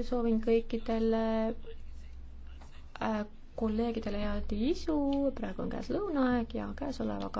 küll soovin kõikidele äh, kolleegidele head isu, praegu on käes lõunaaeg ja käesolevaga